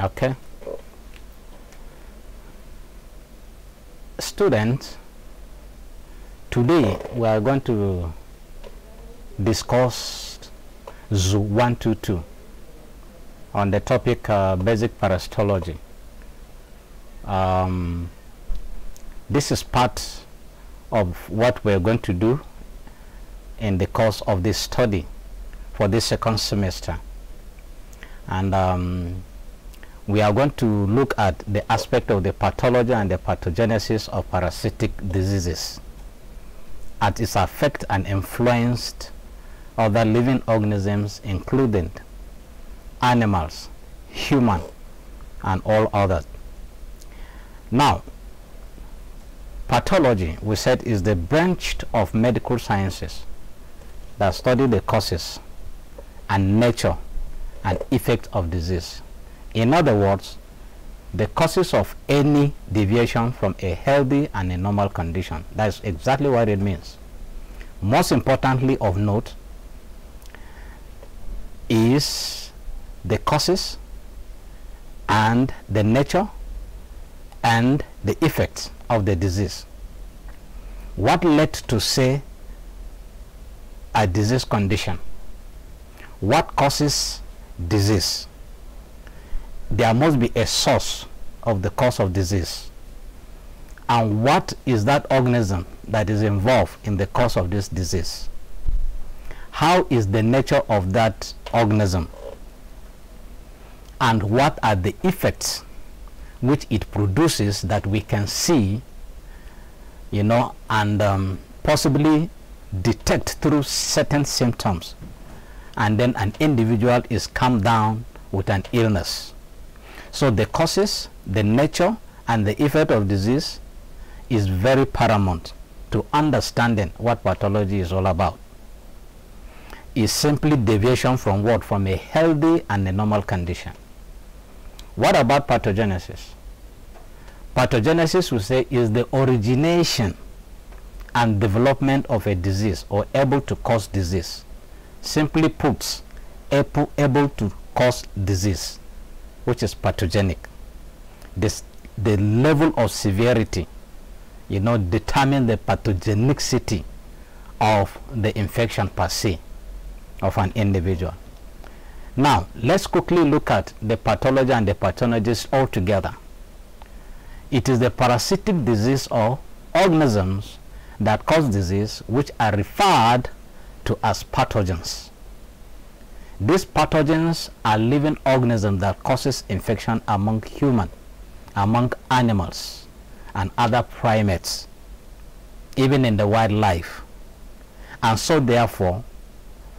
okay students today we are going to discuss zoo 122 on the topic uh, basic parasitology um, this is part of what we're going to do in the course of this study for this second semester and um, we are going to look at the aspect of the pathology and the pathogenesis of parasitic diseases at its affect and influenced other living organisms including animals, human, and all others. Now, pathology, we said, is the branch of medical sciences that study the causes and nature and effect of disease. In other words, the causes of any deviation from a healthy and a normal condition. That is exactly what it means. Most importantly of note is the causes and the nature and the effects of the disease. What led to say a disease condition? What causes disease? there must be a source of the cause of disease. And what is that organism that is involved in the cause of this disease? How is the nature of that organism? And what are the effects which it produces that we can see, you know, and um, possibly detect through certain symptoms. And then an individual is come down with an illness. So the causes, the nature, and the effect of disease is very paramount to understanding what pathology is all about. Is simply deviation from what? From a healthy and a normal condition. What about pathogenesis? Pathogenesis, we say, is the origination and development of a disease or able to cause disease. Simply put, able, able to cause disease which is pathogenic. This, the level of severity, you know, determine the pathogenicity of the infection per se of an individual. Now, let's quickly look at the pathology and the pathologist all together. It is the parasitic disease or organisms that cause disease which are referred to as pathogens. These pathogens are living organisms that causes infection among human, among animals, and other primates, even in the wildlife. And so therefore,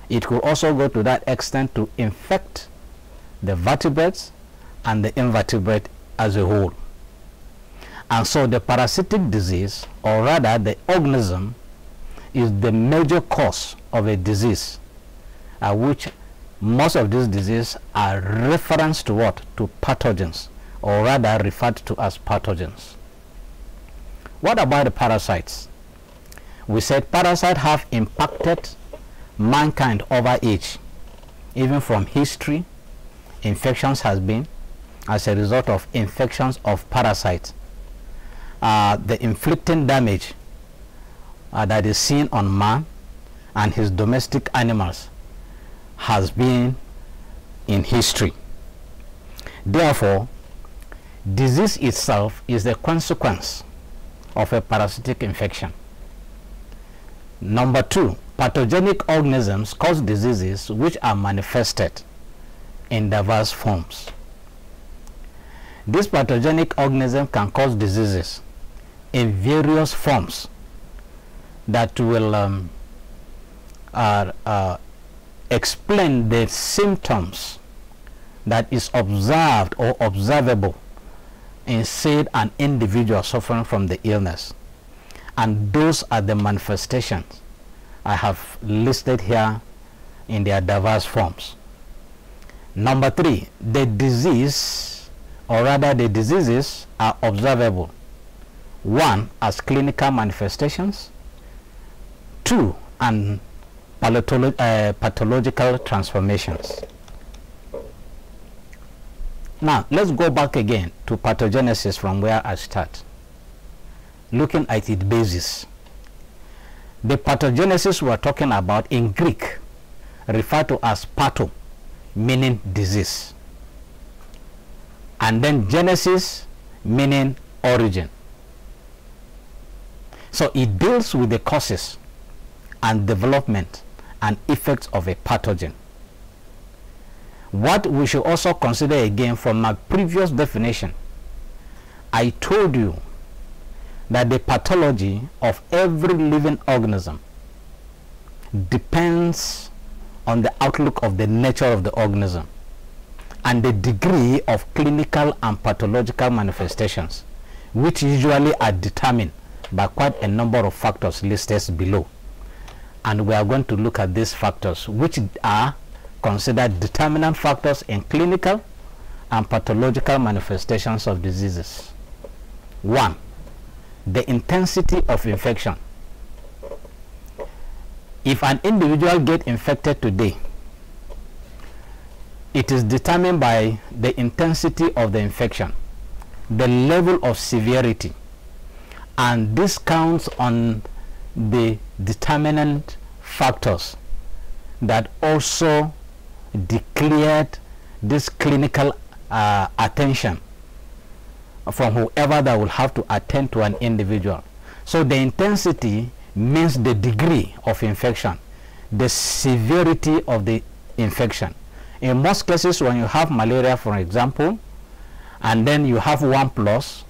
it could also go to that extent to infect the vertebrates and the invertebrate as a whole. And so the parasitic disease, or rather the organism, is the major cause of a disease uh, which most of these diseases are referenced to what? To pathogens, or rather referred to as pathogens. What about the parasites? We said parasites have impacted mankind over age, even from history. Infections has been as a result of infections of parasites. Uh, the inflicting damage uh, that is seen on man and his domestic animals has been in history. Therefore, disease itself is the consequence of a parasitic infection. Number two, pathogenic organisms cause diseases which are manifested in diverse forms. This pathogenic organism can cause diseases in various forms that will um, are, uh, explain the symptoms that is observed or observable in said an individual suffering from the illness and those are the manifestations I have listed here in their diverse forms. Number three, the disease or rather the diseases are observable. One, as clinical manifestations. Two, and Eh, pathological transformations. Now, let's go back again to pathogenesis from where I start. Looking at its basis. The pathogenesis we're talking about in Greek referred to as patho, meaning disease. And then genesis, meaning origin. So it deals with the causes and development and effects of a pathogen. What we should also consider again from my previous definition, I told you that the pathology of every living organism depends on the outlook of the nature of the organism and the degree of clinical and pathological manifestations, which usually are determined by quite a number of factors listed below and we are going to look at these factors which are considered determinant factors in clinical and pathological manifestations of diseases. One, the intensity of infection. If an individual gets infected today, it is determined by the intensity of the infection, the level of severity, and this counts on the determinant factors that also declared this clinical uh, attention from whoever that will have to attend to an individual. So the intensity means the degree of infection, the severity of the infection. In most cases, when you have malaria, for example, and then you have one plus,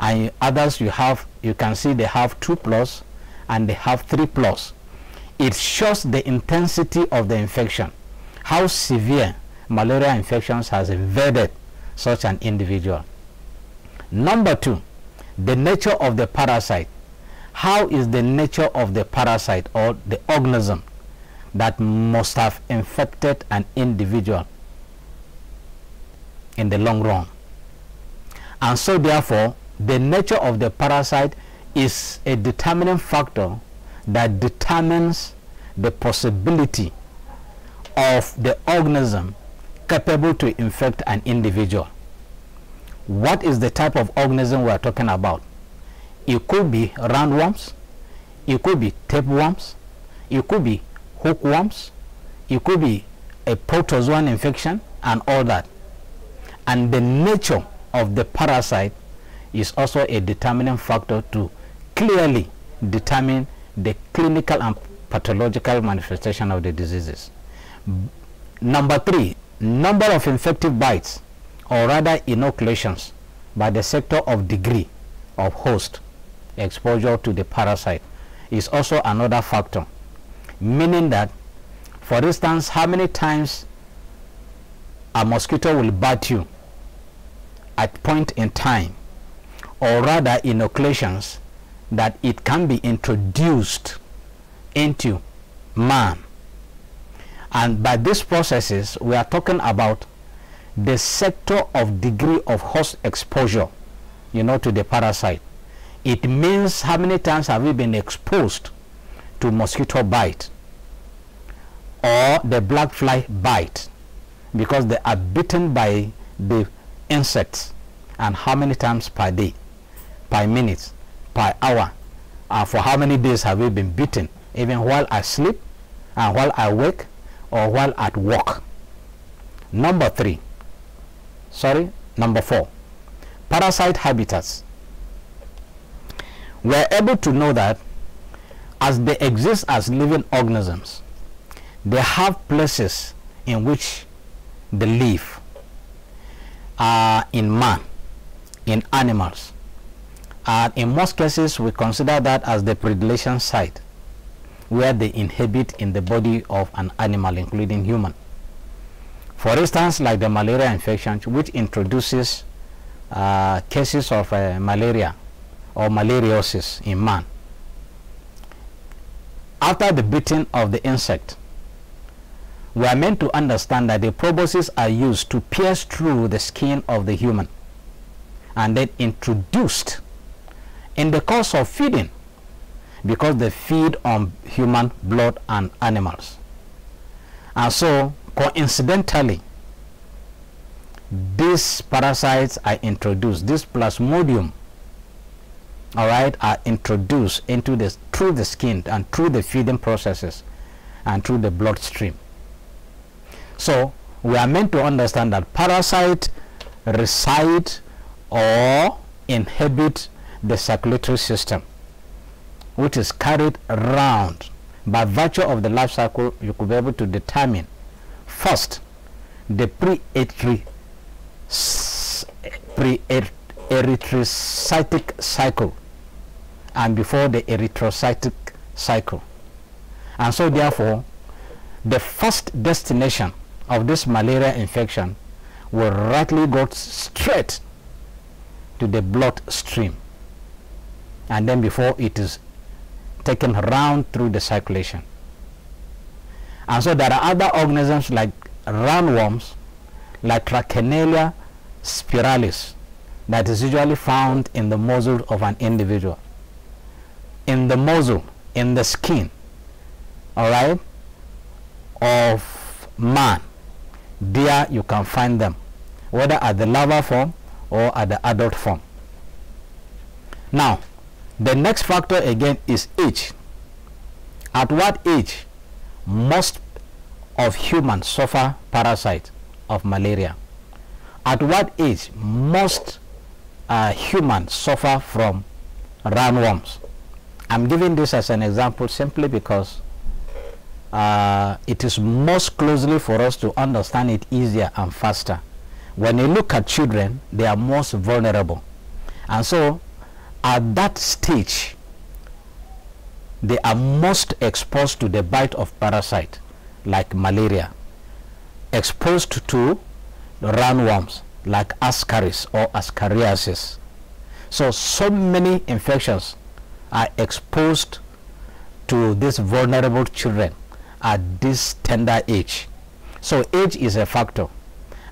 and others you have, you can see they have two plus, and they have three plus. It shows the intensity of the infection, how severe malaria infections has invaded such an individual. Number two, the nature of the parasite. How is the nature of the parasite or the organism that must have infected an individual in the long run? And so therefore, the nature of the parasite is a determining factor that determines the possibility of the organism capable to infect an individual. What is the type of organism we are talking about? It could be roundworms, it could be tapeworms, it could be hookworms, it could be a protozoan infection and all that. And the nature of the parasite is also a determining factor too clearly determine the clinical and pathological manifestation of the diseases. Number three, number of infective bites or rather inoculations by the sector of degree of host exposure to the parasite is also another factor meaning that for instance how many times a mosquito will bite you at point in time or rather inoculations that it can be introduced into man. And by these processes, we are talking about the sector of degree of host exposure, you know, to the parasite. It means how many times have we been exposed to mosquito bite or the black fly bite because they are bitten by the insects and how many times per day, per minute per hour. Uh, for how many days have we been beaten, even while asleep, and while awake, or while at work? Number three, sorry, number four, parasite habitats. We're able to know that as they exist as living organisms, they have places in which they live uh, in man, in animals, and in most cases we consider that as the predilection site where they inhabit in the body of an animal including human for instance like the malaria infection which introduces uh, cases of uh, malaria or malariosis in man after the beating of the insect we are meant to understand that the proboscis are used to pierce through the skin of the human and then introduced in the course of feeding because they feed on human blood and animals. And so, coincidentally, these parasites are introduced, this plasmodium, all right, are introduced into this through the skin and through the feeding processes and through the bloodstream. So, we are meant to understand that parasite reside or inhabit the circulatory system, which is carried around by virtue of the life cycle, you could be able to determine first the pre-atri pre cycle and before the erythrocytic cycle. And so therefore, the first destination of this malaria infection will rightly go straight to the blood stream and then before it is taken round through the circulation. And so there are other organisms like roundworms, like Trachinella spiralis, that is usually found in the muzzle of an individual. In the muzzle, in the skin, all right, of man, there you can find them, whether at the larval form or at the adult form. Now, the next factor again is age. At what age most of humans suffer parasite of malaria? At what age most uh, humans suffer from roundworms? I'm giving this as an example simply because uh, it is most closely for us to understand it easier and faster. When you look at children, they are most vulnerable. And so at that stage, they are most exposed to the bite of parasite like malaria, exposed to roundworms like ascaris or ascariasis. So, so many infections are exposed to these vulnerable children at this tender age. So, age is a factor.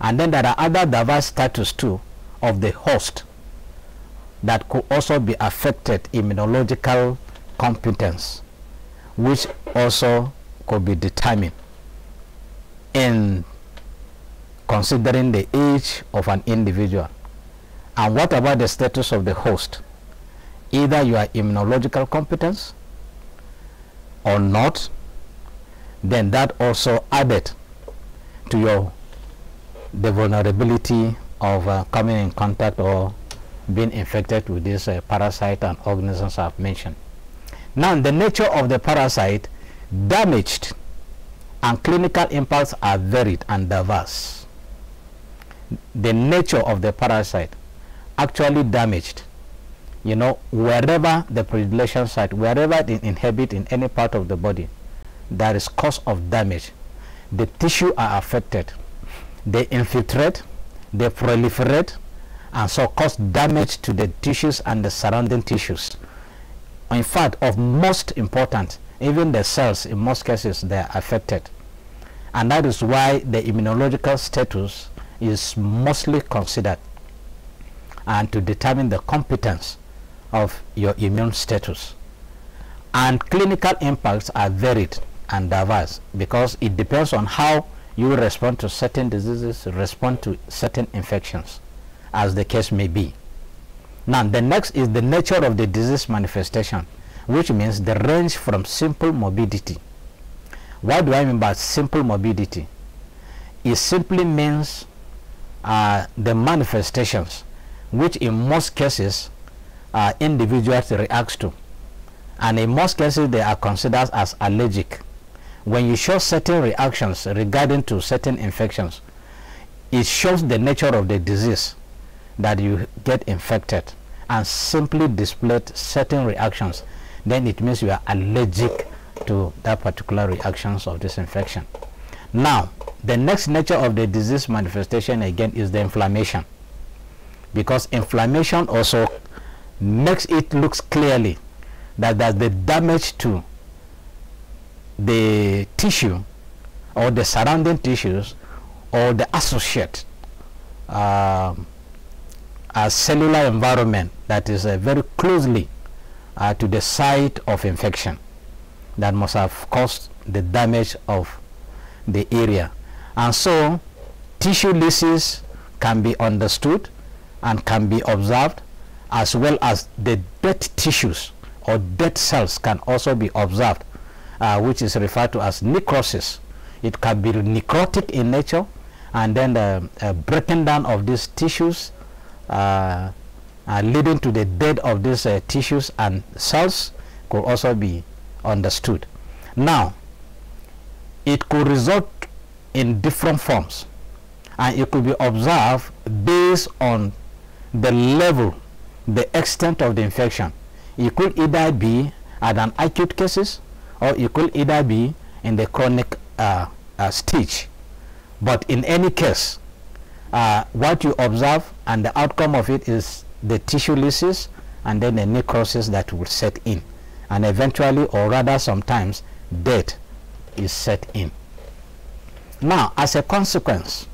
And then there are other diverse status too of the host that could also be affected immunological competence, which also could be determined in considering the age of an individual. And what about the status of the host? Either your immunological competence or not, then that also added to your the vulnerability of uh, coming in contact or been infected with this uh, parasite and organisms I've mentioned. Now, the nature of the parasite, damaged and clinical impacts are varied and diverse. The nature of the parasite actually damaged, you know, wherever the predilection site, wherever it inhabits in any part of the body, there is cause of damage. The tissue are affected. They infiltrate, they proliferate, and so cause damage to the tissues and the surrounding tissues. In fact, of most important, even the cells in most cases they are affected. And that is why the immunological status is mostly considered and to determine the competence of your immune status. And clinical impacts are varied and diverse because it depends on how you respond to certain diseases, respond to certain infections as the case may be. Now, the next is the nature of the disease manifestation, which means the range from simple morbidity. What do I mean by simple morbidity? It simply means uh, the manifestations, which in most cases uh, individuals react to. And in most cases, they are considered as allergic. When you show certain reactions regarding to certain infections, it shows the nature of the disease that you get infected and simply displayed certain reactions, then it means you are allergic to that particular reactions of this infection. Now, the next nature of the disease manifestation again is the inflammation. Because inflammation also makes it looks clearly that, there's the damage to the tissue or the surrounding tissues or the associate um, a cellular environment that is uh, very closely uh, to the site of infection that must have caused the damage of the area. And so tissue lysis can be understood and can be observed as well as the dead tissues or dead cells can also be observed uh, which is referred to as necrosis. It can be necrotic in nature and then the um, uh, breaking down of these tissues uh, uh, leading to the death of these uh, tissues and cells could also be understood. Now, it could result in different forms and it could be observed based on the level, the extent of the infection. It could either be at an acute cases or it could either be in the chronic uh, uh stage. But in any case, uh, what you observe and the outcome of it is the tissue lysis and then the necrosis that will set in and eventually or rather sometimes death is set in. Now as a consequence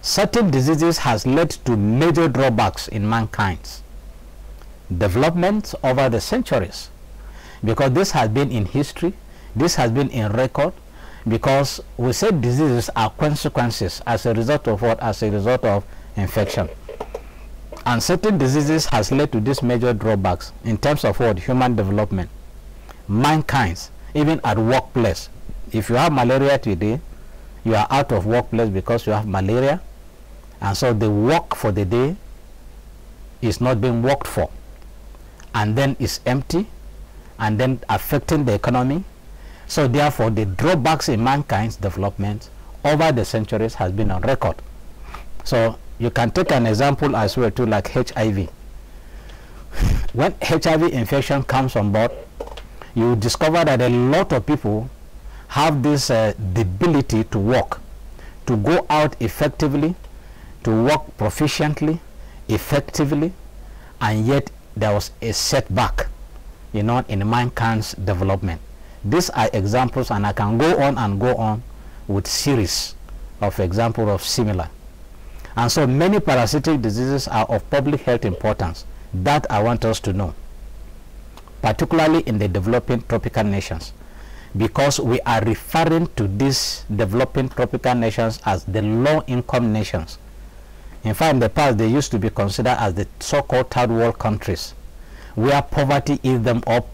certain diseases has led to major drawbacks in mankind's development over the centuries because this has been in history this has been in record because we said diseases are consequences as a result of what? As a result of infection. And certain diseases has led to these major drawbacks in terms of what? Human development. Mankind's, even at workplace. If you have malaria today, you are out of workplace because you have malaria. And so the work for the day is not being worked for. And then it's empty and then affecting the economy so therefore, the drawbacks in mankind's development over the centuries has been on record. So you can take an example as well too, like HIV. When HIV infection comes on board, you discover that a lot of people have this uh, debility to walk, to go out effectively, to work proficiently, effectively, and yet there was a setback, you know, in mankind's development. These are examples, and I can go on and go on with series of example of similar. And so many parasitic diseases are of public health importance. That I want us to know, particularly in the developing tropical nations, because we are referring to these developing tropical nations as the low-income nations. In fact, in the past, they used to be considered as the so-called third world countries, where poverty eats them up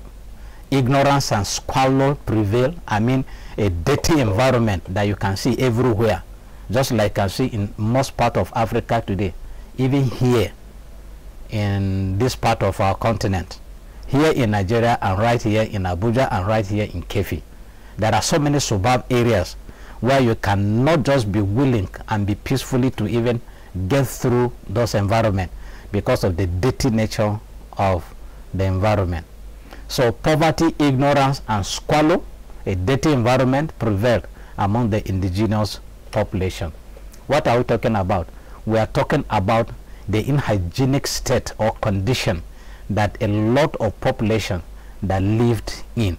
ignorance and squalor prevail. I mean, a dirty environment that you can see everywhere, just like I see in most part of Africa today, even here in this part of our continent, here in Nigeria and right here in Abuja and right here in Kefi. There are so many suburb areas where you cannot just be willing and be peacefully to even get through those environment because of the dirty nature of the environment. So poverty, ignorance, and squalor, a dirty environment prevail among the indigenous population. What are we talking about? We are talking about the inhygienic state or condition that a lot of population that lived in.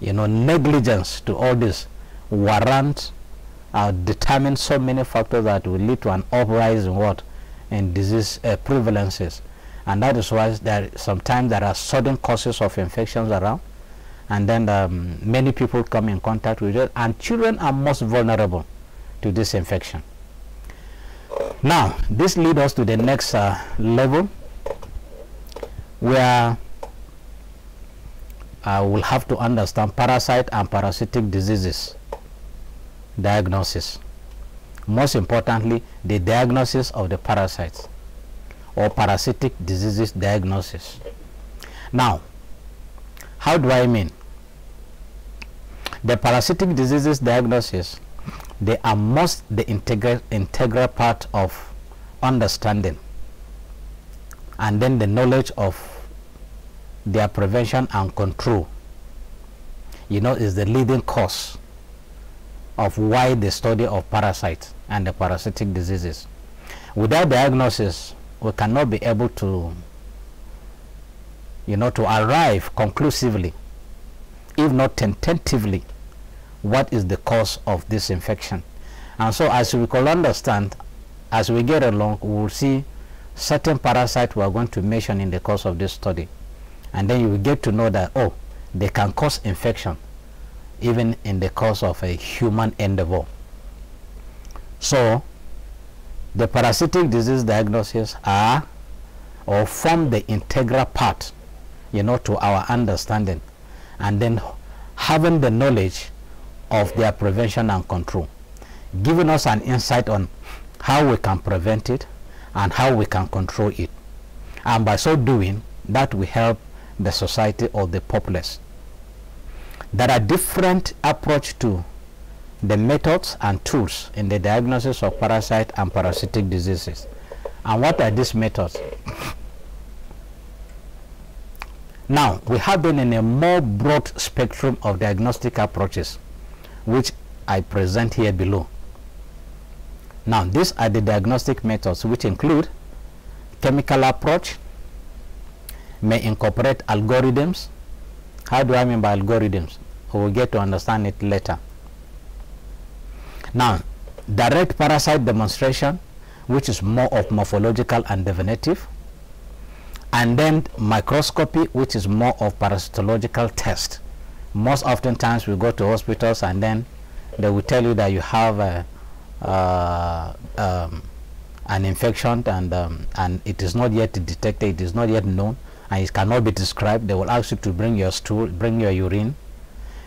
You know, negligence to all this warrant uh, determine so many factors that will lead to an uprising what and disease uh, prevalences and that is why there sometimes there are sudden causes of infections around and then um, many people come in contact with it and children are most vulnerable to this infection now this leads us to the next uh, level where i uh, we'll have to understand parasite and parasitic diseases diagnosis most importantly the diagnosis of the parasites or parasitic diseases diagnosis. Now, how do I mean? The parasitic diseases diagnosis, they are most the integral, integral part of understanding and then the knowledge of their prevention and control you know is the leading cause of why the study of parasites and the parasitic diseases without diagnosis we cannot be able to you know to arrive conclusively if not tentatively what is the cause of this infection and so as we could understand as we get along we will see certain parasite we are going to mention in the course of this study and then you will get to know that oh they can cause infection even in the course of a human endeavor so the parasitic disease diagnoses are or form the integral part, you know, to our understanding and then having the knowledge of their prevention and control, giving us an insight on how we can prevent it and how we can control it. And by so doing, that we help the society or the populace. There are different approach to the methods and tools in the diagnosis of parasite and parasitic diseases. And what are these methods? now, we have been in a more broad spectrum of diagnostic approaches, which I present here below. Now, these are the diagnostic methods which include chemical approach, may incorporate algorithms. How do I mean by algorithms? We'll get to understand it later. Now, direct parasite demonstration, which is more of morphological and definitive, and then microscopy, which is more of parasitological test. Most oftentimes we go to hospitals and then they will tell you that you have a, uh, um, an infection and, um, and it is not yet detected, it is not yet known, and it cannot be described. They will ask you to bring your stool, bring your urine.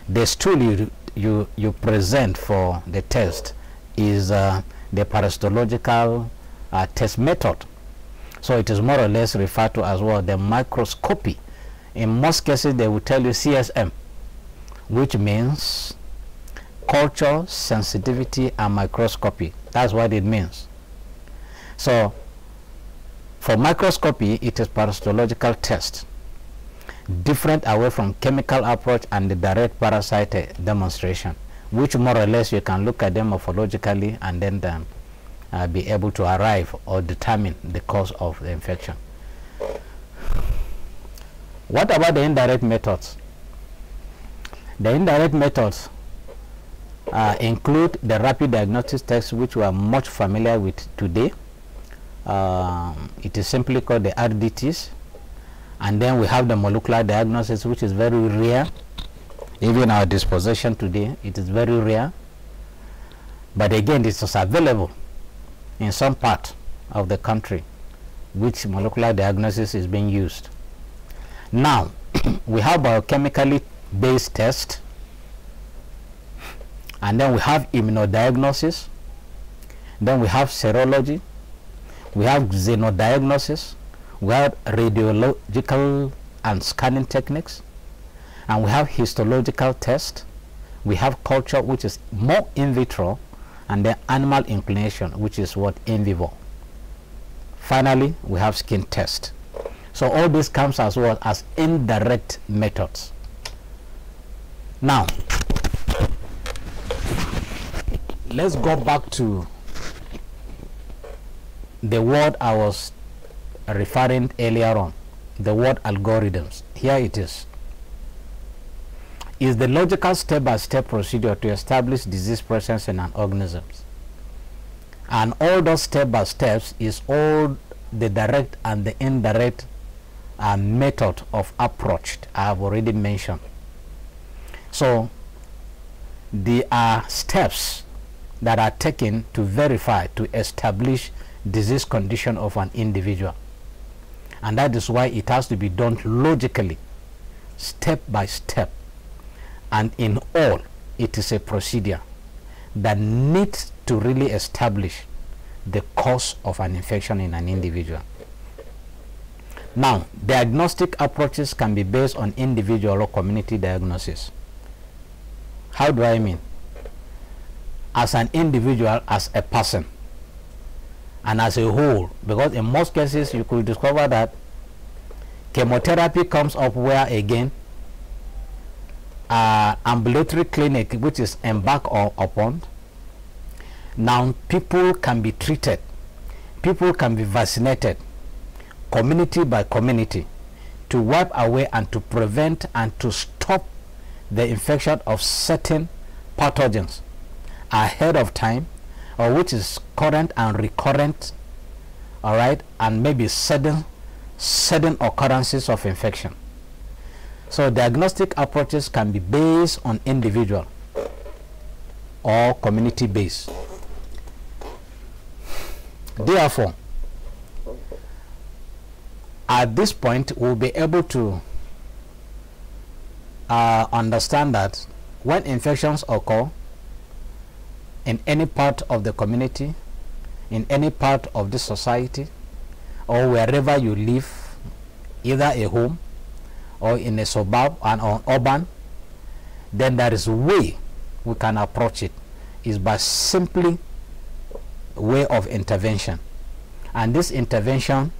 The stool you you, you present for the test is uh, the parasitological uh, test method. So it is more or less referred to as well the microscopy. In most cases, they will tell you CSM, which means culture, sensitivity, and microscopy. That's what it means. So for microscopy, it is parasitological test different away from chemical approach and the direct parasite eh, demonstration, which more or less you can look at them morphologically and then um, uh, be able to arrive or determine the cause of the infection. What about the indirect methods? The indirect methods uh, include the rapid diagnostic tests which we are much familiar with today. Um, it is simply called the RDTs and then we have the molecular diagnosis, which is very rare. Even our disposition today, it is very rare. But again, it is available in some part of the country, which molecular diagnosis is being used. Now, we have biochemically based test, and then we have immunodiagnosis, then we have serology, we have xenodiagnosis, have radiological and scanning techniques, and we have histological test. We have culture, which is more in vitro, and then animal inclination, which is what in vivo. Finally, we have skin test. So all this comes as well as indirect methods. Now, let's go back to the word I was referring earlier on, the word algorithms. Here it is. Is the logical step-by-step -step procedure to establish disease presence in an organism. And all those step-by-steps is all the direct and the indirect uh, method of approach I have already mentioned. So there are steps that are taken to verify, to establish disease condition of an individual. And that is why it has to be done logically, step by step. And in all, it is a procedure that needs to really establish the cause of an infection in an individual. Now, diagnostic approaches can be based on individual or community diagnosis. How do I mean? As an individual, as a person and as a whole because in most cases you could discover that chemotherapy comes up where again uh, ambulatory clinic which is embarked upon now people can be treated people can be vaccinated community by community to wipe away and to prevent and to stop the infection of certain pathogens ahead of time or which is current and recurrent all right and maybe sudden sudden occurrences of infection so diagnostic approaches can be based on individual or community based therefore at this point we'll be able to uh, understand that when infections occur in any part of the community, in any part of this society, or wherever you live, either a home or in a suburb and or urban, then there is a way we can approach it is by simply way of intervention. And this intervention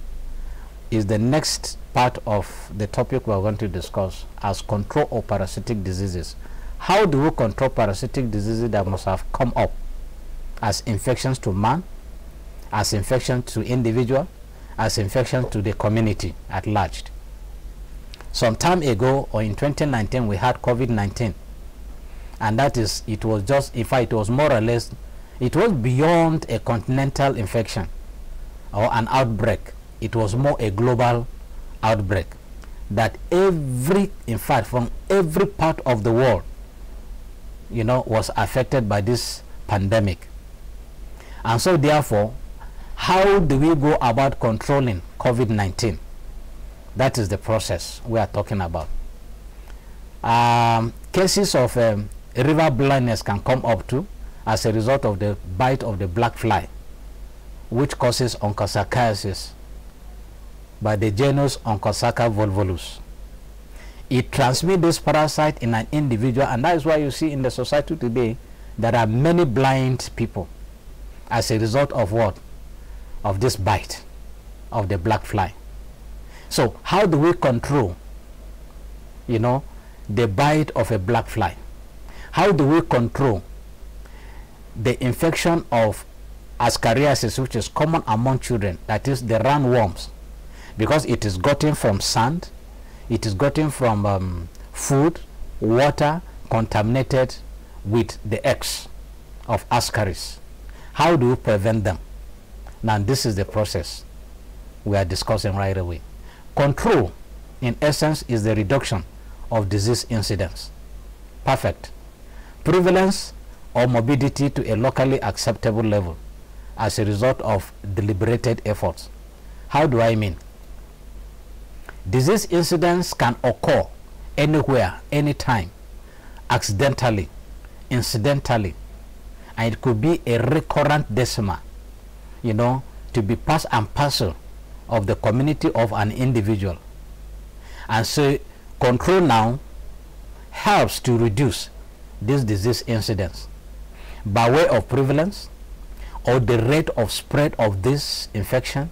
is the next part of the topic we are going to discuss as control of parasitic diseases how do we control parasitic diseases that must have come up as infections to man, as infections to individual, as infections to the community at large? Some time ago, or in 2019, we had COVID-19. And that is, it was just, in fact, it was more or less, it was beyond a continental infection or an outbreak. It was more a global outbreak that every, in fact, from every part of the world, you know, was affected by this pandemic. And so therefore, how do we go about controlling COVID-19? That is the process we are talking about. Um, cases of um, river blindness can come up to as a result of the bite of the black fly, which causes onchocerciasis by the genus Onchocerca volvulus. It transmits this parasite in an individual, and that is why you see in the society today there are many blind people as a result of what? Of this bite of the black fly. So, how do we control, you know, the bite of a black fly? How do we control the infection of ascariasis, which is common among children, that is the roundworms, because it is gotten from sand, it is gotten from um, food, water contaminated with the eggs of ascaris. How do you prevent them? Now this is the process we are discussing right away. Control, in essence, is the reduction of disease incidence. Perfect. Prevalence or morbidity to a locally acceptable level as a result of deliberated efforts. How do I mean? disease incidents can occur anywhere, anytime, accidentally, incidentally, and it could be a recurrent decimal, you know, to be part and parcel of the community of an individual. And so control now helps to reduce this disease incidence by way of prevalence or the rate of spread of this infection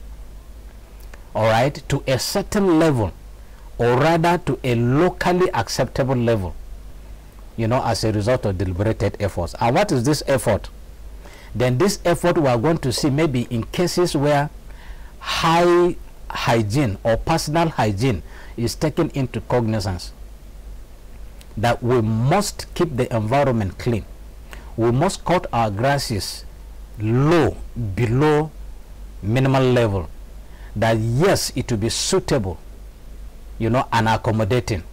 all right, to a certain level, or rather to a locally acceptable level, you know, as a result of deliberated efforts. And what is this effort? Then this effort we are going to see maybe in cases where high hygiene or personal hygiene is taken into cognizance that we must keep the environment clean. We must cut our grasses low, below minimal level that yes, it will be suitable, you know, and accommodating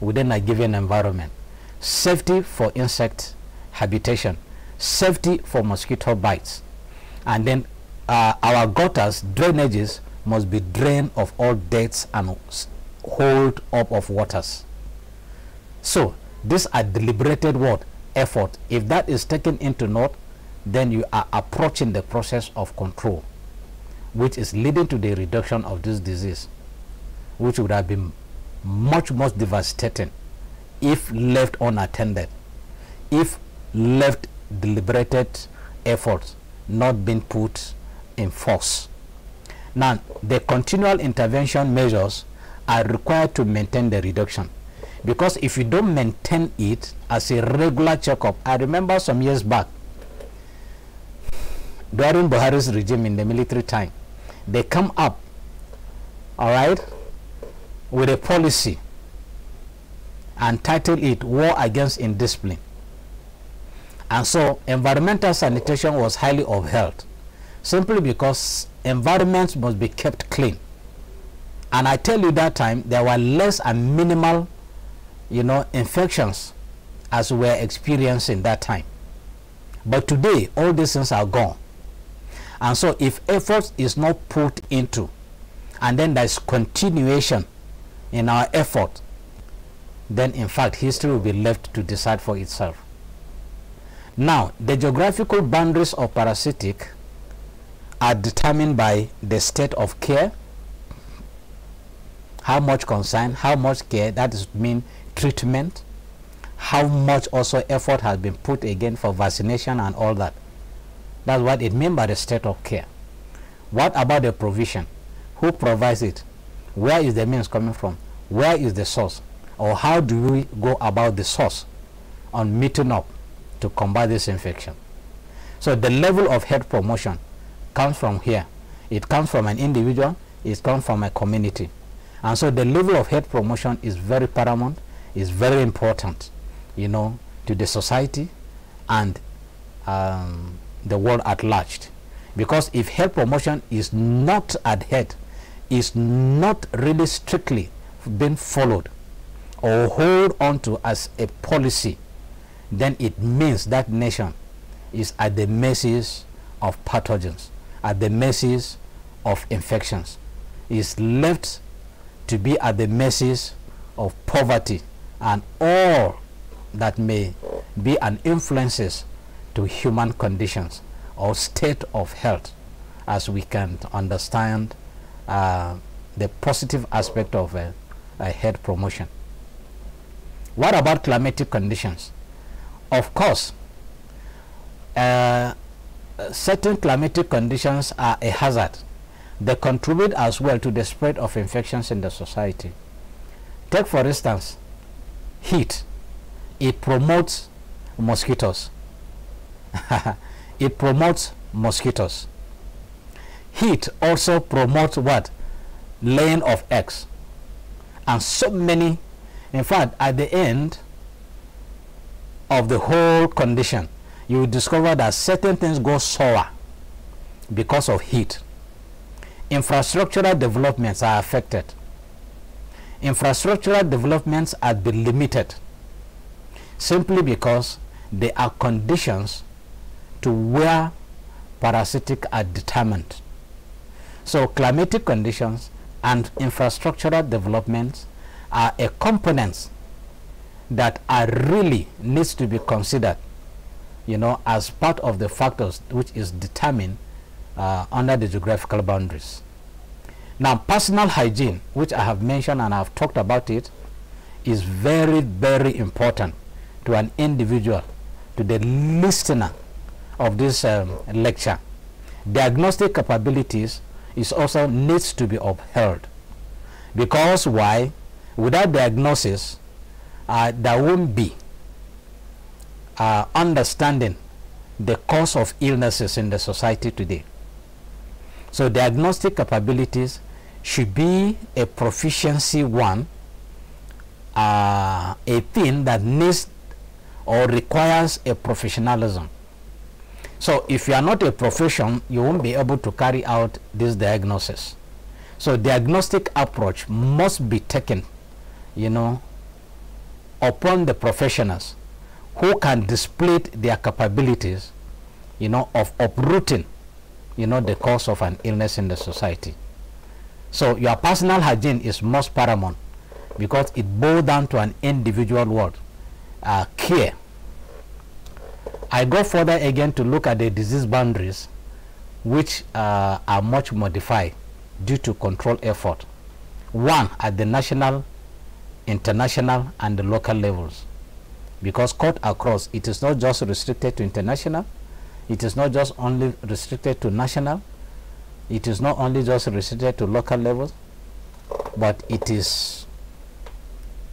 within a given environment. Safety for insect habitation, safety for mosquito bites, and then uh, our gutters, drainages must be drained of all debts and hold up of waters. So these are deliberated what effort. If that is taken into note, then you are approaching the process of control which is leading to the reduction of this disease, which would have been much, much devastating if left unattended, if left deliberated efforts not being put in force. Now, the continual intervention measures are required to maintain the reduction because if you don't maintain it as a regular checkup, I remember some years back during Buhari's regime in the military time, they come up all right with a policy and title it war against indiscipline and so environmental sanitation was highly upheld simply because environments must be kept clean and i tell you that time there were less and minimal you know infections as we are experiencing that time but today all these things are gone and so if effort is not put into, and then there's continuation in our effort, then in fact history will be left to decide for itself. Now, the geographical boundaries of parasitic are determined by the state of care, how much concern, how much care, that is mean treatment, how much also effort has been put again for vaccination and all that. That's what it means by the state of care. What about the provision? Who provides it? Where is the means coming from? Where is the source? Or how do we go about the source on meeting up to combat this infection? So the level of health promotion comes from here. It comes from an individual, it comes from a community. And so the level of health promotion is very paramount, is very important, you know, to the society and um, the world at large. Because if health promotion is not adhered, is not really strictly being followed or hold on to as a policy, then it means that nation is at the mercy of pathogens, at the mercy of infections, is left to be at the mercy of poverty and all that may be an influences to human conditions or state of health as we can understand uh, the positive aspect of a, a health promotion. What about climatic conditions? Of course, uh, certain climatic conditions are a hazard. They contribute as well to the spread of infections in the society. Take for instance, heat. It promotes mosquitoes. it promotes mosquitoes. Heat also promotes what? Laying of eggs. And so many, in fact, at the end of the whole condition, you will discover that certain things go sour because of heat. Infrastructural developments are affected. Infrastructural developments are delimited simply because they are conditions to where parasitic are determined. So climatic conditions and infrastructural developments are a components that are really needs to be considered you know as part of the factors which is determined uh, under the geographical boundaries now personal hygiene which i have mentioned and i've talked about it is very very important to an individual to the listener of this um, lecture. Diagnostic capabilities is also needs to be upheld because why? Without diagnosis, uh, there won't be uh, understanding the cause of illnesses in the society today. So diagnostic capabilities should be a proficiency one, uh, a thing that needs or requires a professionalism. So if you are not a profession, you won't be able to carry out this diagnosis. So diagnostic approach must be taken, you know, upon the professionals who can display their capabilities, you know, of uprooting, you know, the cause of an illness in the society. So your personal hygiene is most paramount because it boils down to an individual word uh, care I go further again to look at the disease boundaries, which uh, are much modified due to control effort. One, at the national, international, and the local levels. Because cut across, it is not just restricted to international, it is not just only restricted to national, it is not only just restricted to local levels, but it is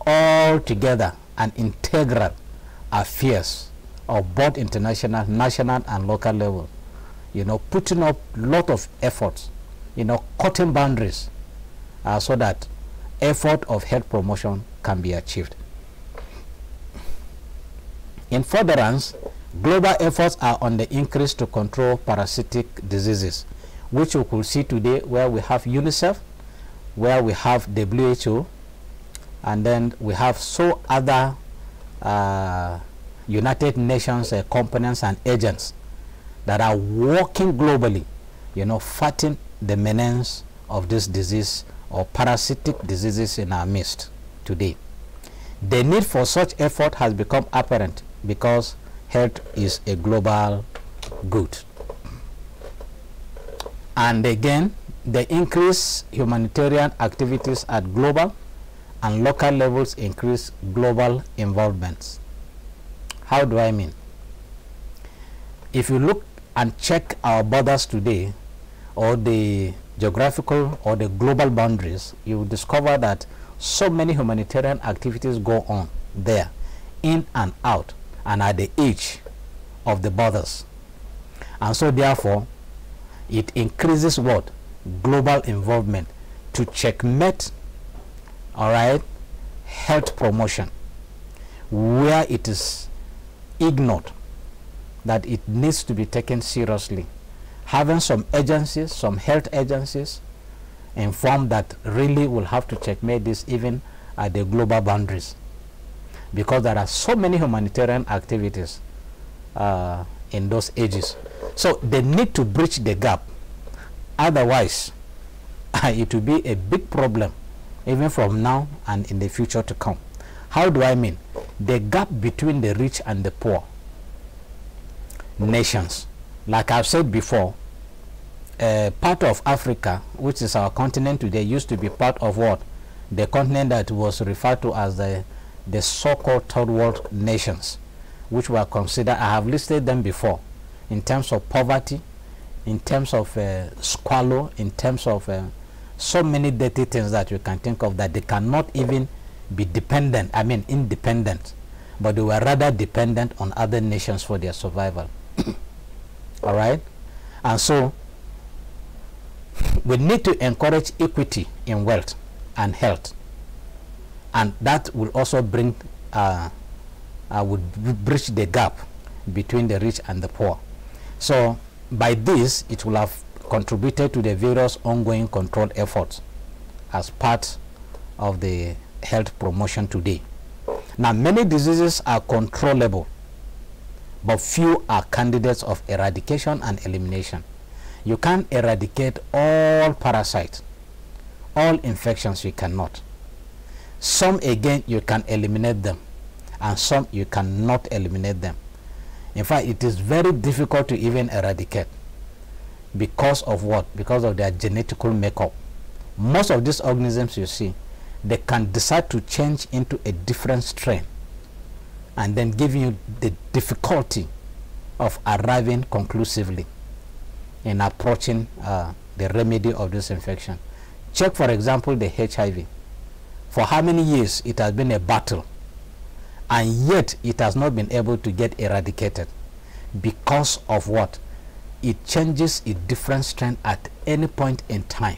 altogether an integral affairs of both international, national, and local level. You know, putting up a lot of efforts, you know, cutting boundaries uh, so that effort of health promotion can be achieved. In furtherance, global efforts are on the increase to control parasitic diseases, which we could see today where we have UNICEF, where we have WHO, and then we have so other uh, United Nations uh, components and agents that are working globally, you know, fighting the menace of this disease or parasitic diseases in our midst today. The need for such effort has become apparent because health is a global good. And again, the increased humanitarian activities at global and local levels increase global involvements. How do I mean? If you look and check our borders today, or the geographical or the global boundaries, you will discover that so many humanitarian activities go on there, in and out, and at the edge of the borders. And so therefore, it increases what? Global involvement to checkmate, all right, health promotion, where it is ignored, that it needs to be taken seriously. Having some agencies, some health agencies, informed that really will have to checkmate this even at the global boundaries. Because there are so many humanitarian activities uh, in those ages. So they need to bridge the gap. Otherwise, it will be a big problem even from now and in the future to come. How do I mean? The gap between the rich and the poor nations. Like I've said before, uh, part of Africa, which is our continent today, used to be part of what? The continent that was referred to as the, the so-called third world nations, which were considered, I have listed them before, in terms of poverty, in terms of uh, squalor, in terms of uh, so many dirty things that you can think of that they cannot even be dependent, I mean independent, but they were rather dependent on other nations for their survival. All right? And so we need to encourage equity in wealth and health. And that will also bring, uh, uh, would bridge the gap between the rich and the poor. So by this, it will have contributed to the various ongoing control efforts as part of the health promotion today. Now, many diseases are controllable, but few are candidates of eradication and elimination. You can't eradicate all parasites, all infections you cannot. Some again, you can eliminate them, and some you cannot eliminate them. In fact, it is very difficult to even eradicate because of what? Because of their genetical makeup. Most of these organisms you see, they can decide to change into a different strain and then giving you the difficulty of arriving conclusively in approaching uh, the remedy of this infection. Check, for example, the HIV. For how many years it has been a battle, and yet it has not been able to get eradicated because of what? It changes a different strain at any point in time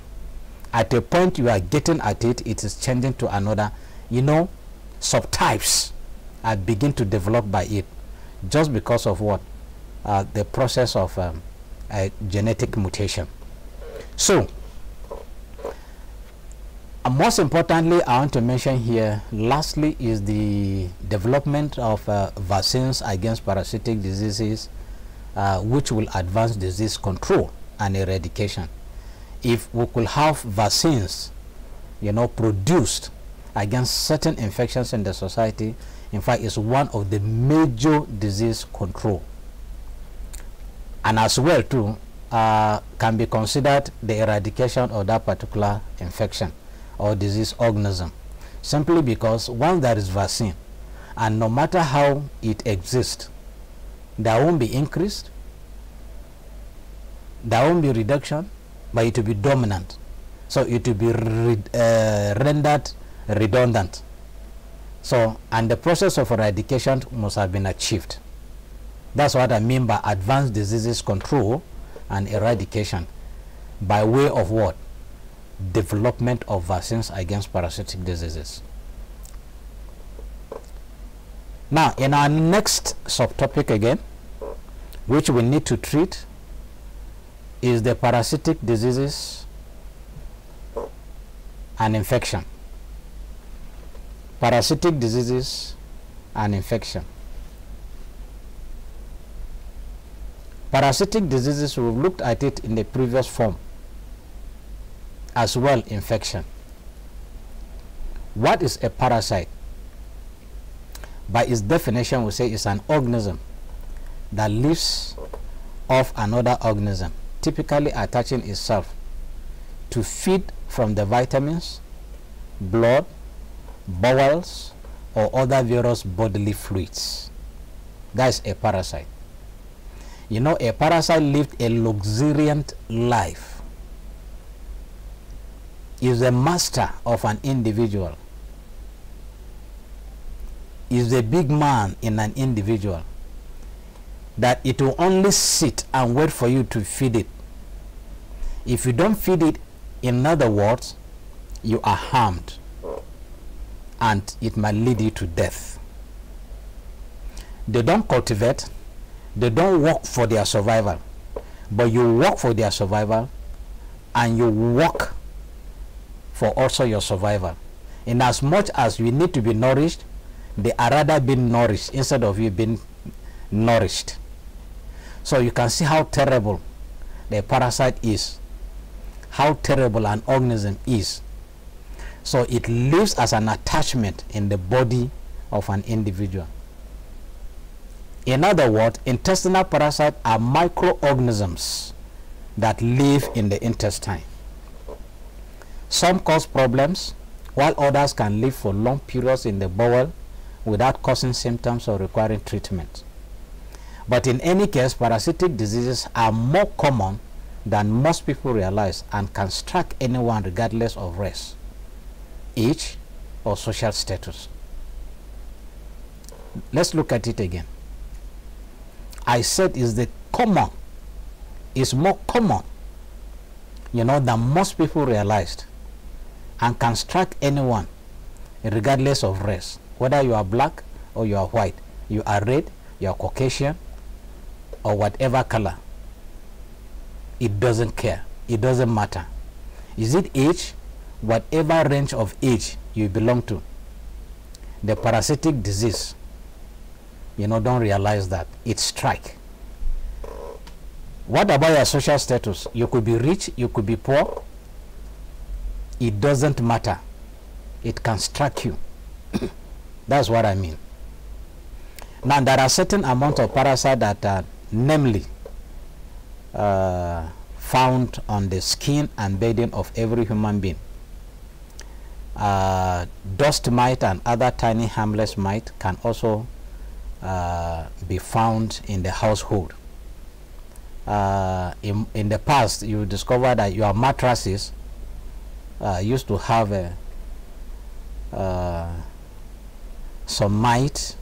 at a point you are getting at it it is changing to another you know subtypes are begin to develop by it just because of what uh, the process of um, a genetic mutation so uh, most importantly i want to mention here lastly is the development of uh, vaccines against parasitic diseases uh, which will advance disease control and eradication if we could have vaccines, you know, produced against certain infections in the society, in fact, it's one of the major disease control. And as well, too, uh, can be considered the eradication of that particular infection or disease organism. Simply because once there is vaccine, and no matter how it exists, there won't be increased, there won't be reduction, but it will be dominant. So it will be re uh, rendered redundant. So, and the process of eradication must have been achieved. That's what I mean by advanced diseases control and eradication by way of what? Development of vaccines against parasitic diseases. Now, in our next subtopic again, which we need to treat is the parasitic diseases and infection. Parasitic diseases and infection. Parasitic diseases, we've looked at it in the previous form as well infection. What is a parasite? By its definition, we say it's an organism that lives off another organism typically attaching itself to feed from the vitamins, blood, bowels, or other various bodily fluids. That's a parasite. You know, a parasite lived a luxuriant life. Is the master of an individual. Is a big man in an individual that it will only sit and wait for you to feed it. If you don't feed it, in other words, you are harmed and it might lead you to death. They don't cultivate, they don't work for their survival, but you work for their survival and you work for also your survival. In as much as you need to be nourished, they are rather being nourished instead of you being nourished. So you can see how terrible the parasite is, how terrible an organism is. So it lives as an attachment in the body of an individual. In other words, intestinal parasites are microorganisms that live in the intestine. Some cause problems, while others can live for long periods in the bowel without causing symptoms or requiring treatment. But in any case, parasitic diseases are more common than most people realize and can strike anyone regardless of race, age, or social status. Let's look at it again. I said is the common, is more common, you know, than most people realized and can strike anyone regardless of race, whether you are black or you are white, you are red, you are Caucasian, or whatever color. It doesn't care. It doesn't matter. Is it age? Whatever range of age you belong to. The parasitic disease, you know, don't realize that. It strike. What about your social status? You could be rich, you could be poor. It doesn't matter. It can strike you. That's what I mean. Now, there are certain amount of parasite that uh, namely uh, found on the skin and bedding of every human being. Uh, dust mite and other tiny harmless mite can also uh, be found in the household. Uh, in, in, the past, you discovered that your mattresses uh, used to have uh, some mite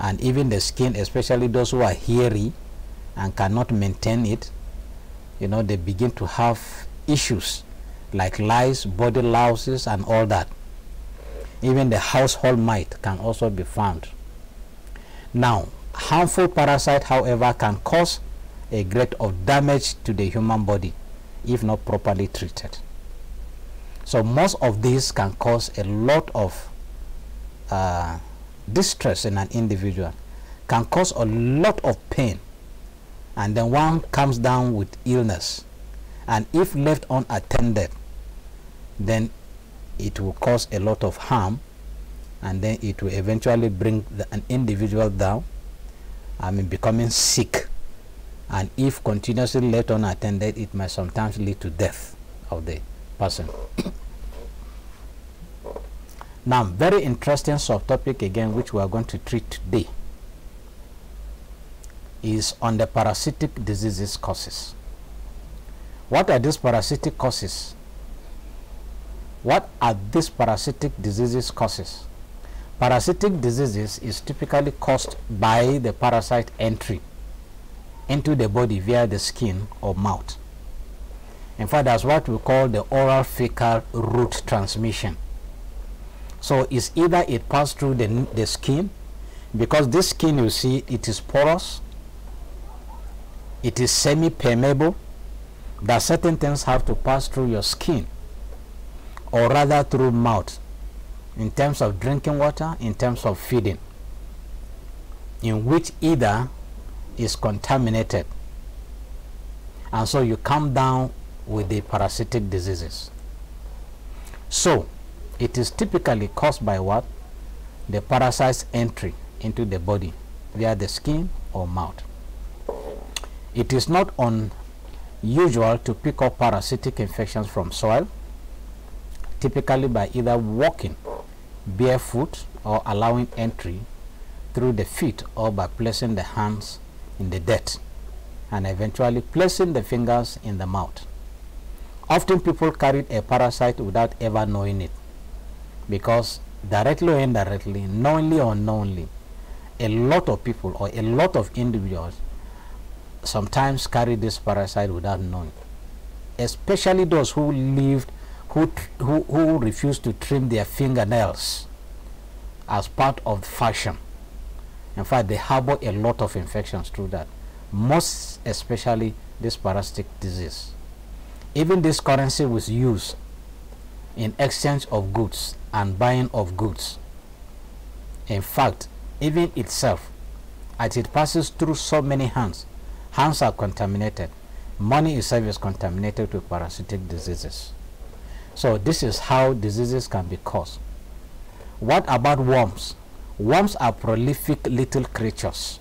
and even the skin especially those who are hairy and cannot maintain it you know they begin to have issues like lice body louses and all that even the household mite can also be found now harmful parasite however can cause a great of damage to the human body if not properly treated so most of these can cause a lot of uh, distress in an individual can cause a lot of pain and then one comes down with illness and if left unattended then it will cause a lot of harm and then it will eventually bring the, an individual down I mean becoming sick and if continuously left unattended it may sometimes lead to death of the person now, very interesting subtopic again, which we are going to treat today, is on the parasitic diseases causes. What are these parasitic causes? What are these parasitic diseases causes? Parasitic diseases is typically caused by the parasite entry into the body via the skin or mouth. In fact, that's what we call the oral fecal route transmission so it's either it passes through the, the skin, because this skin you see, it is porous, it is semi-permeable, that certain things have to pass through your skin, or rather through mouth, in terms of drinking water, in terms of feeding, in which either is contaminated. And so you come down with the parasitic diseases. So, it is typically caused by what? The parasite's entry into the body via the skin or mouth. It is not unusual to pick up parasitic infections from soil, typically by either walking barefoot or allowing entry through the feet or by placing the hands in the dirt and eventually placing the fingers in the mouth. Often people carry a parasite without ever knowing it because directly or indirectly, knowingly or unknowingly, a lot of people or a lot of individuals sometimes carry this parasite without knowing, especially those who lived, who, who, who refuse to trim their fingernails as part of fashion. In fact, they harbor a lot of infections through that, most especially this parasitic disease. Even this currency was used in exchange of goods and buying of goods. In fact, even itself, as it passes through so many hands, hands are contaminated. Money itself is contaminated with parasitic diseases. So this is how diseases can be caused. What about worms? Worms are prolific little creatures.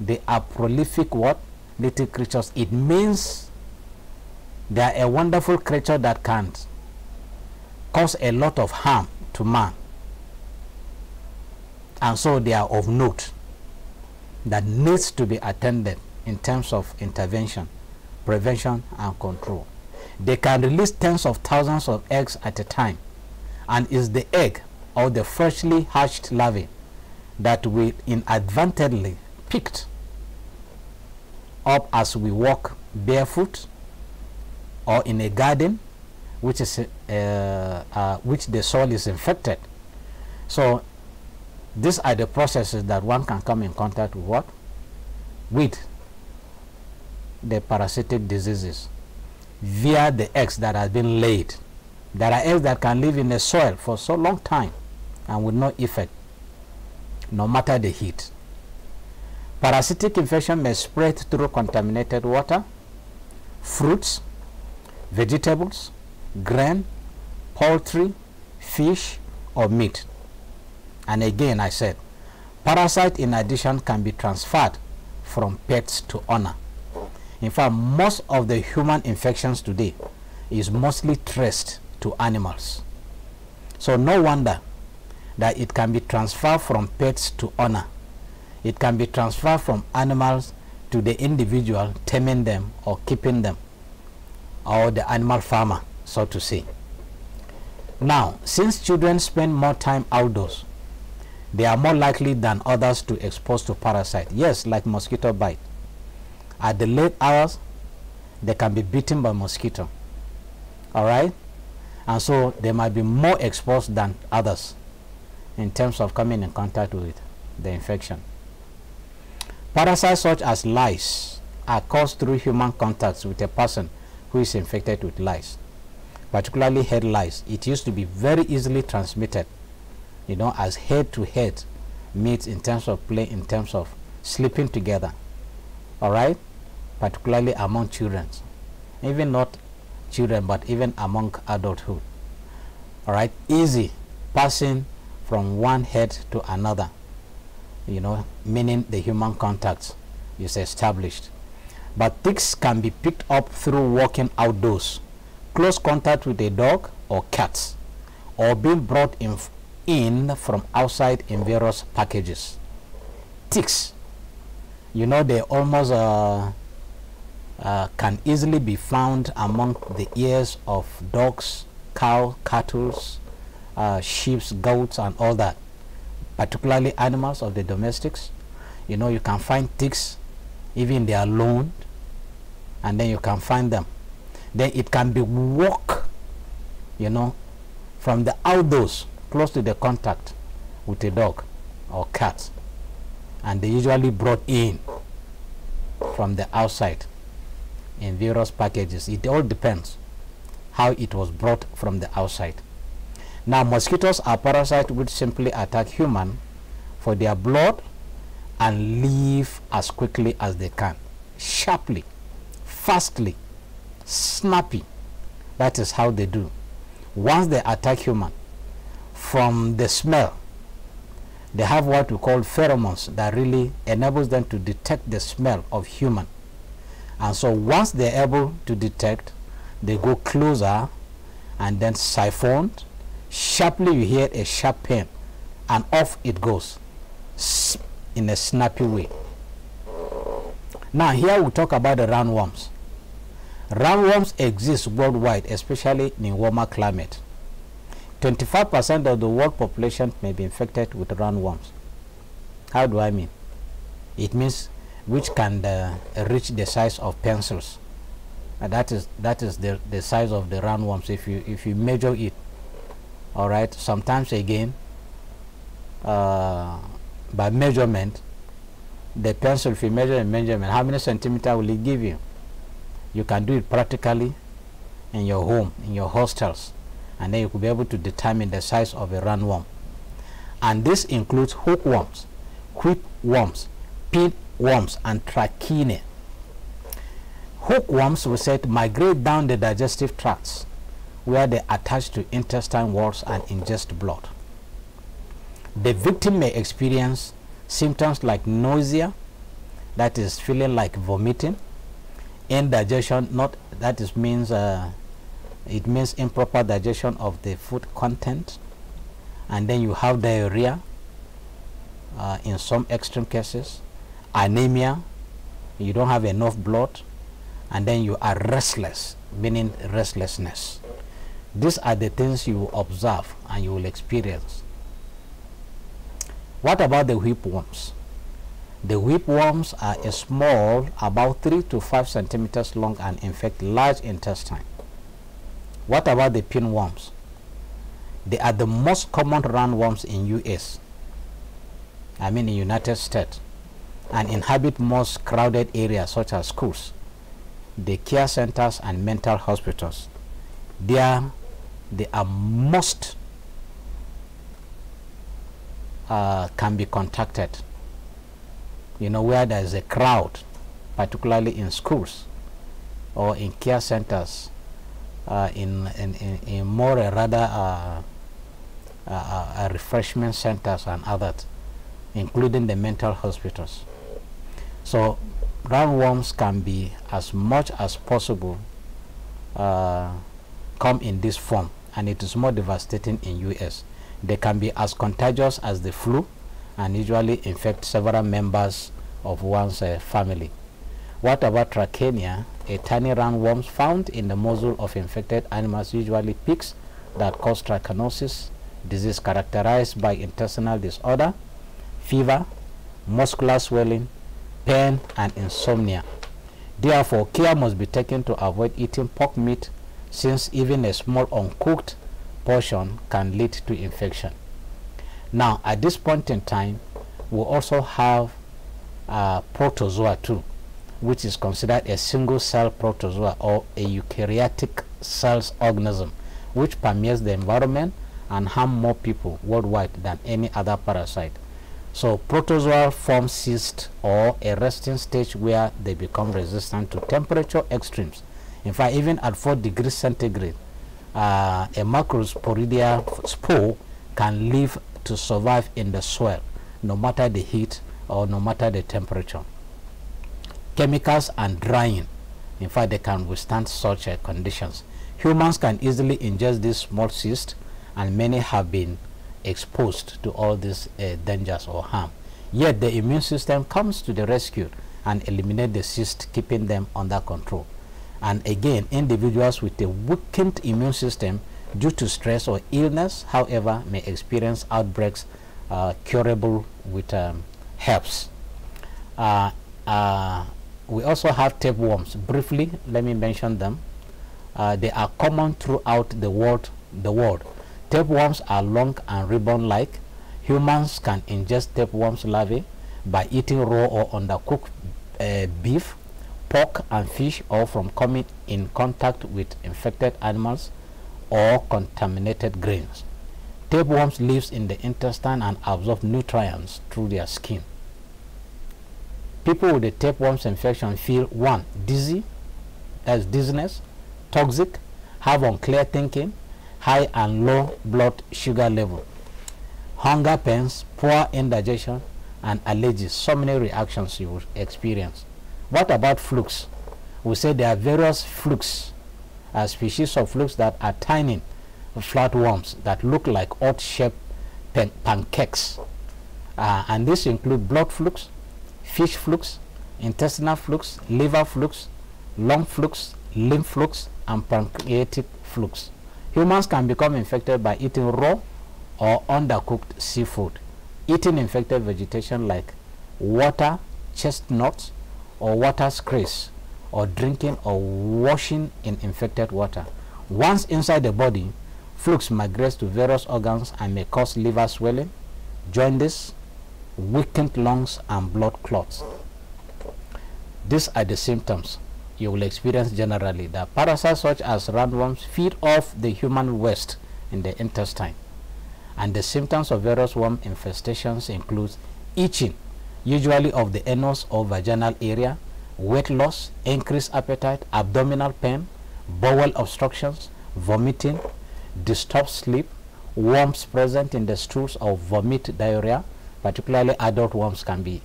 They are prolific what? Little creatures. It means they are a wonderful creature that can't cause a lot of harm to man. And so they are of note that needs to be attended in terms of intervention, prevention, and control. They can release tens of thousands of eggs at a time, and it's the egg or the freshly hatched larvae that we inadvertently picked up as we walk barefoot or in a garden which is uh, uh, which the soil is infected. So these are the processes that one can come in contact with what? With the parasitic diseases via the eggs that have been laid. There are eggs that can live in the soil for so long time and with no effect, no matter the heat. Parasitic infection may spread through contaminated water, fruits, vegetables, grain, poultry, fish, or meat. And again, I said, parasite in addition can be transferred from pets to owner. In fact, most of the human infections today is mostly traced to animals. So no wonder that it can be transferred from pets to owner. It can be transferred from animals to the individual taming them or keeping them or the animal farmer so to say. Now, since children spend more time outdoors, they are more likely than others to expose to parasites. Yes, like mosquito bite. At the late hours, they can be bitten by mosquito. All right? And so they might be more exposed than others in terms of coming in contact with the infection. Parasites such as lice are caused through human contacts with a person who is infected with lice particularly head lice, it used to be very easily transmitted, you know, as head to head meets in terms of play, in terms of sleeping together, all right, particularly among children, even not children, but even among adulthood, all right, easy passing from one head to another, you know, meaning the human contact is established. But ticks can be picked up through walking outdoors close contact with a dog or cat, or being brought in, in from outside in various packages. Ticks, you know, they almost uh, uh, can easily be found among the ears of dogs, cow, cattle, uh, sheep, goats, and all that, particularly animals of the domestics. You know, you can find ticks even they are alone, and then you can find them then it can be walk, you know, from the outdoors close to the contact with a dog or cat. And they usually brought in from the outside in various packages. It all depends how it was brought from the outside. Now, mosquitoes are parasites which simply attack human for their blood and leave as quickly as they can, sharply, fastly, snappy. That is how they do. Once they attack human, from the smell, they have what we call pheromones that really enables them to detect the smell of human. And so once they're able to detect, they go closer and then siphoned. Sharply you hear a sharp pain and off it goes in a snappy way. Now here we talk about the roundworms. Roundworms exist worldwide, especially in warmer climate. 25% of the world population may be infected with roundworms. How do I mean? It means which can uh, reach the size of pencils. Uh, that is that is the, the size of the roundworms if you if you measure it. All right. Sometimes again, uh, by measurement, the pencil if you measure a measurement, how many centimeter will it give you? You can do it practically in your home, in your hostels, and then you could be able to determine the size of a roundworm. And this includes hookworms, whipworms, pinworms, and trachinae. Hookworms, we said, migrate down the digestive tracts where they attach to intestine walls and ingest blood. The victim may experience symptoms like nausea, that is feeling like vomiting, indigestion not that is means uh, it means improper digestion of the food content and then you have diarrhea uh, in some extreme cases anemia you don't have enough blood and then you are restless meaning restlessness these are the things you observe and you will experience what about the whipworms the whipworms are small, about 3 to 5 centimeters long and infect large intestine. What about the pinworms? They are the most common roundworms in US. I mean in United States and inhabit most crowded areas such as schools, the care centers and mental hospitals. They are, they are most uh, can be contacted you know, where there is a crowd, particularly in schools or in care centers, uh, in, in, in, in, more rather uh, uh, uh refreshment centers and others, including the mental hospitals. So roundworms can be as much as possible uh, come in this form and it is more devastating in US. They can be as contagious as the flu, and usually infect several members of one's uh, family. What about trachania? A tiny roundworm found in the muzzle of infected animals, usually pigs, that cause trichinosis, disease characterized by intestinal disorder, fever, muscular swelling, pain, and insomnia. Therefore, care must be taken to avoid eating pork meat since even a small uncooked portion can lead to infection. Now, at this point in time, we also have uh, protozoa too, which is considered a single cell protozoa or a eukaryotic cells organism, which permeates the environment and harm more people worldwide than any other parasite. So protozoa form cysts or a resting stage where they become resistant to temperature extremes. In fact, even at 4 degrees centigrade, uh, a Macrosporidia spore can live to survive in the soil, no matter the heat or no matter the temperature. Chemicals and drying, in fact, they can withstand such uh, conditions. Humans can easily ingest these small cysts, and many have been exposed to all these uh, dangers or harm. Yet the immune system comes to the rescue and eliminate the cyst, keeping them under control. And again, individuals with a weakened immune system due to stress or illness, however, may experience outbreaks uh, curable with um, herbs. Uh, uh, we also have tapeworms. Briefly, let me mention them. Uh, they are common throughout the world. The world. Tapeworms are long and ribbon-like. Humans can ingest tapeworms larvae by eating raw or undercooked uh, beef, pork, and fish, or from coming in contact with infected animals or contaminated grains. Tapeworms live in the intestine and absorb nutrients through their skin. People with a tapeworms infection feel one dizzy, as dizziness, toxic, have unclear thinking, high and low blood sugar level, hunger pains, poor indigestion, and allergies. So many reactions you will experience. What about flukes? We say there are various flukes are uh, species of flukes that are tiny flatworms that look like odd-shaped pan pancakes. Uh, and these include blood flukes, fish flukes, intestinal flukes, liver flukes, lung flukes, lymph flukes, and pancreatic flukes. Humans can become infected by eating raw or undercooked seafood, eating infected vegetation like water, chestnuts, or water scrace or drinking or washing in infected water. Once inside the body, flukes migrate to various organs and may cause liver swelling, jaundice, weakened lungs, and blood clots. These are the symptoms you will experience generally. The parasites such as roundworms feed off the human waste in the intestine. And the symptoms of various worm infestations include itching, usually of the anus or vaginal area, weight loss, increased appetite, abdominal pain, bowel obstructions, vomiting, disturbed sleep, worms present in the stools or vomit diarrhea, particularly adult worms can be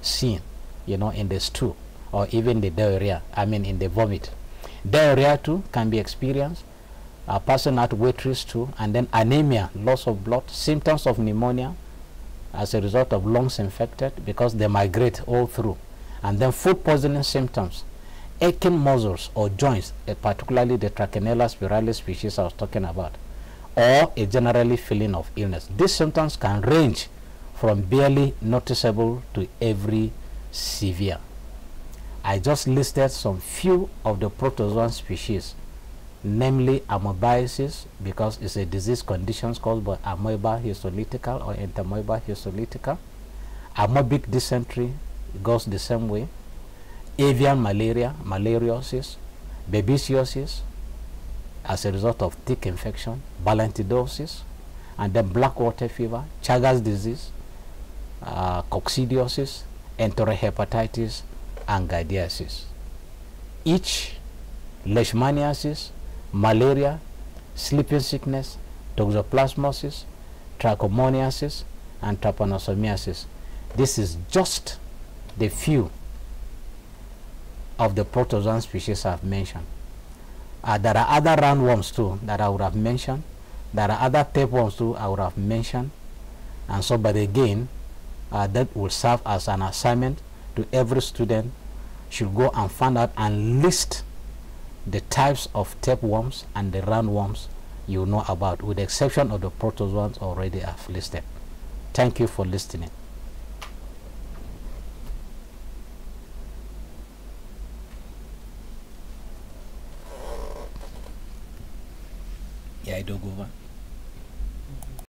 seen, you know, in the stool or even the diarrhea, I mean in the vomit. Diarrhea too can be experienced, a person at weight risk too, and then anemia, loss of blood, symptoms of pneumonia as a result of lungs infected because they migrate all through. And then food poisoning symptoms, aching muscles or joints, eh, particularly the trachinella spiralis species I was talking about, or a generally feeling of illness. These symptoms can range from barely noticeable to every severe. I just listed some few of the protozoan species, namely amoebiasis, because it's a disease condition caused by amoeba histolytica or entamoeba histolytica, amoebic dysentery, it goes the same way. Avian malaria, malariosis, babesiosis, as a result of tick infection, balantidosis, and then black water fever, Chagas disease, uh, coccidiosis, enterohepatitis, and giardiasis. Each leishmaniasis, malaria, sleeping sickness, toxoplasmosis, trichomoniasis, and trypanosomiasis. This is just the few of the protozoan species I've mentioned. Uh, there are other roundworms too that I would have mentioned. There are other tapeworms too I would have mentioned. And so, but again, uh, that will serve as an assignment to every student should go and find out and list the types of tapeworms and the roundworms you know about, with the exception of the protozoans already I've listed. Thank you for listening. ya yi dogo ba